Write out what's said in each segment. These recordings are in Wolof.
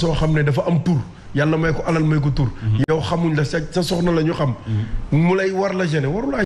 soo xam ne dafa am tur yàlla may ko alal may ko tur mm-hmm. yow xamuñ la sa sa soxna la ñu xam mm-hmm. mu lay war la gêner warulaa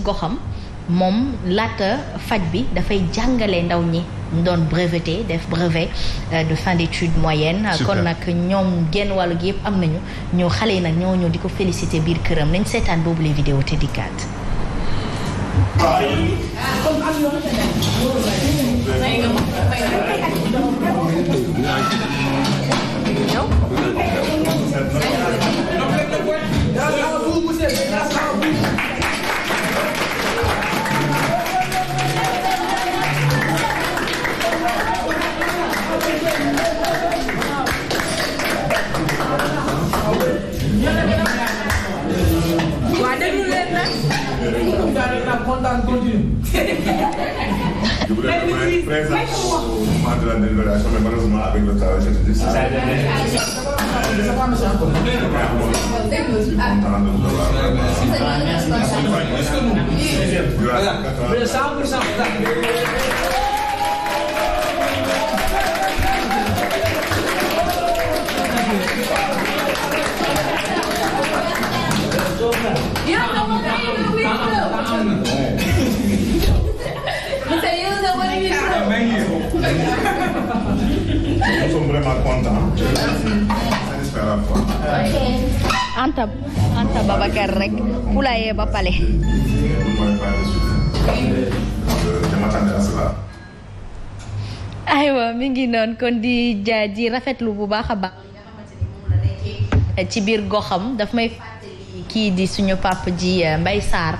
goxam moom laata faj bi dafay jàngale ndaw ñi breveté def brevet euh, de fin d'études moyenne kon nag ñoom genn wàllu gi yëpp am ñoo xale yi nag ñoo ñëw félicité biir nañ vous Je voudrais être présent au moment de la délibération, mais malheureusement, avec le travail, je suis Non sono vraiment content. Saya ne spera Anta, anta baba kerek. Pula ya bapak leh. aywa minggu non noon jadi di lupa rafetlu bu Cibir a baax ci biir goxam daf may fàttali di suñu papa ji eh, mbay saar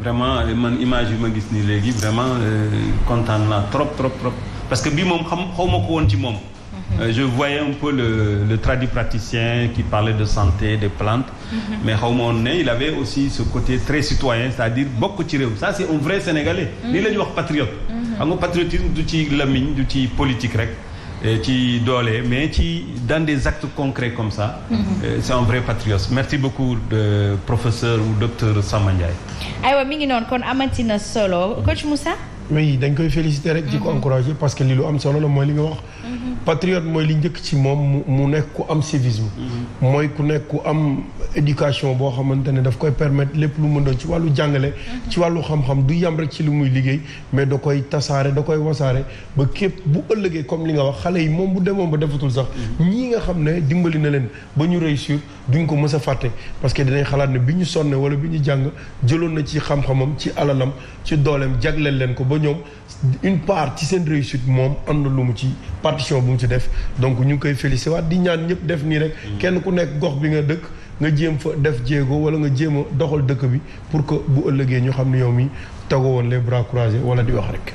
vraiment l'image image yi ma vraiment quand euh, trop trop trop parce que je voyais un peu le le praticien qui parlait de santé des plantes. Mhm. mais il avait aussi ce côté très citoyen c'est-à-dire beaucoup ci ça c'est un vrai sénégalais. il est un wax patriote. Mhm. xam patriotisme du ci lamiñ du ci politique rek. Euh, ci aller mais ci dans des actes concrets comme ça. Mhm. Euh, c'est un vrai patriote merci beaucoup euh, professeur ou docteur Samba mais dañ koy féliciter rek. di ko encourager parce que li lu am solo la mooy li nga wax. patriote mooy li njëkk ci moom mu nekk ku am civisme. mooy ku nekk ku am éducation boo xamante ne daf koy permettre lépp lu mën doon ci wàllu jàngale. ci wàllu xam-xam du yam rek ci lu muy liggéey mais da koy tasaare da koy wasaare ba képp bu ëllëgee comme li nga wax xale yi moom bu demoon ba defatul sax. ñii nga xam ne dimbali na leen ba ñu réussir duñ ko mës a fàtte parce que dinañ xalaat ne bi ñu sonne wala bi ñu jàng jëloon na ci xam-xamam ci alalam ci dooleem jagleel leen ko ba une partie ci sen réussite monde am partition bu mu donc ñu koy félicité di ñaan ñep def pas rek. Mm. kenn ku nek gox bi nga dëkk nga pour que bu le ñu yow les bras croisés wala di wax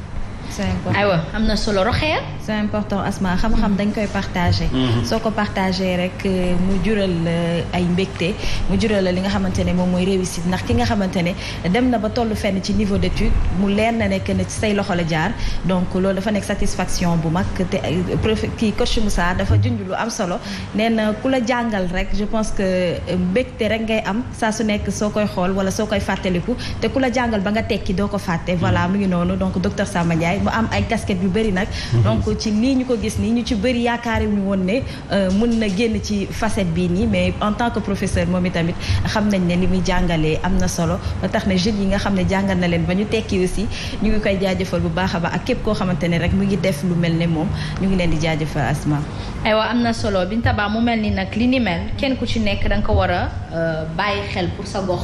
c'est important aywa am na solo roxee. c'est important Asma xam-xam dañ koy partagé. Mhm. soo ko partagé rek euh, mu jural euh, ay mbégte mu jural la li nga xamante ne moom mooy réussite ndax ki nga xamante ne dem na ba tollu fenn ci niveau d'étude mu leer na nekk na ci say loxo la jaar donc loolu dafa nekk satisfaction bu mag te euh, profe kii coach Moussa dafa junj lu am solo nee na ku la jàngal rek je pense que mbégte rek ngay am saa su nekk soo koy xool wala soo koy fàttaliku te ku la jàngal ba nga tekki doo ko fàtte voilà mu ngi noonu donc docteur Samba Ndiaye mu am ay casquette yu bëri nag mhm. donc ci lii ñu ko gis nii ñu ci bëri yaakaari ñu woon ne euh, mun na génn ci facette bii nii mais en tant que professeur moom itamit xam nañ ne li muy jàngalee am na solo ba tax na jeunes yi nga xam ne jàngal na leen ba ñu tekki aussi ñu ngi koy jaajëfal bu a baax ak képp koo xamante ne rek mu ngi def lu mel ne moom ñu ngi leen di jaajëfal asma am na solo Binta Ba mu mel ni nag li ni mel kenn ku ci nekk da ko war a euh, bàyyi xel pour sa gox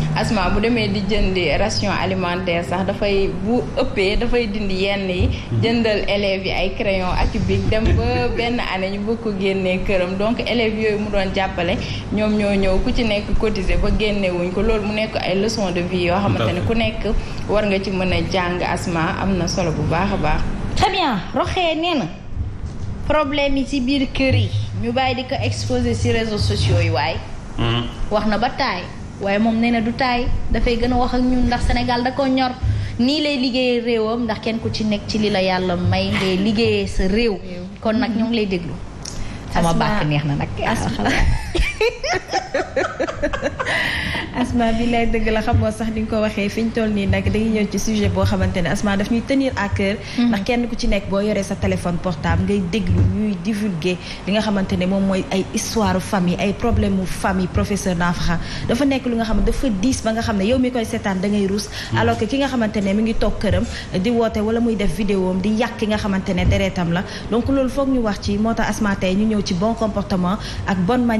asma bu demee di jëndi ration alimentaire sax dafay bu ëppee dafay dindi yenn yi jëndal élèves yi ay crayon ak bic dem ba benn année ñu bëgg ko génnee këram donc élèves yooyu mu doon jàppale ñoom ñoo ñëw ku ci nekk cotiser ba génnewuñ ko loolu mu nekk ay leçon de vie yoo xamante ne ku nekk war nga ci mën a jàng asma am na solo bu baax a baax très bien roxee nee na problème yi ci biir kër yi ñu bàyyi di ko exposer ci réseau sociaux yi waaye mm-hmm. wax na ba taay waaye moom nee na du taay dafay gën a wax ak ñun ndax Sénégal da ko ñor nii lay liggéeyee réewam ndax kenn ku ci nekk ci lii la yàlla may ngay liggéeyee sa réew kon nag ñoo ngi lay déglu sama bàkk neex na nag. asma bi lay dëgg la xamoo sax ni nga ko waxee fi ñu toll nii nag dañuy ñëw ci sujet boo xamante ne asma daf ñuy tenir à cœur. Hmm. kenn ku ci nekk boo yoree sa téléphone portable ngay déglu ñuy divulguer li nga xamante ne moom mooy ay histoire famille ay problème mu famille professeur Nafaxa dafa nekk lu nga xam ne dafa diis ba nga xam ne yow mi koy seetaan da ngay ruus. Hmm. alors que ki nga xamante ne mi ngi toog këram di woote wala muy def vidéo am di yàq ki nga xamante ne deretam la donc loolu foog ñu wax ci moo tax asma tey ñu ñëw bon comportement avec bonne manière